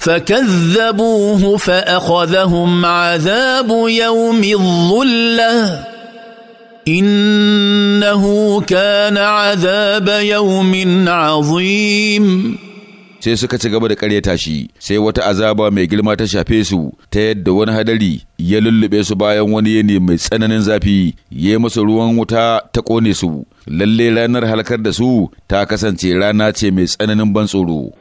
فكذبوه فاخذهم عذاب يوم الظله انه كان عذاب يوم عظيم sai suka ci gaba da ƙaryata shi sai wata azaba mai girma ta shafe su ta yadda wani hadari ya lullube su bayan wani yini mai tsananin zafi ya musu ruwan wuta ta ƙone su lalle ranar halkar da su ta kasance rana ce mai tsananin ban tsoro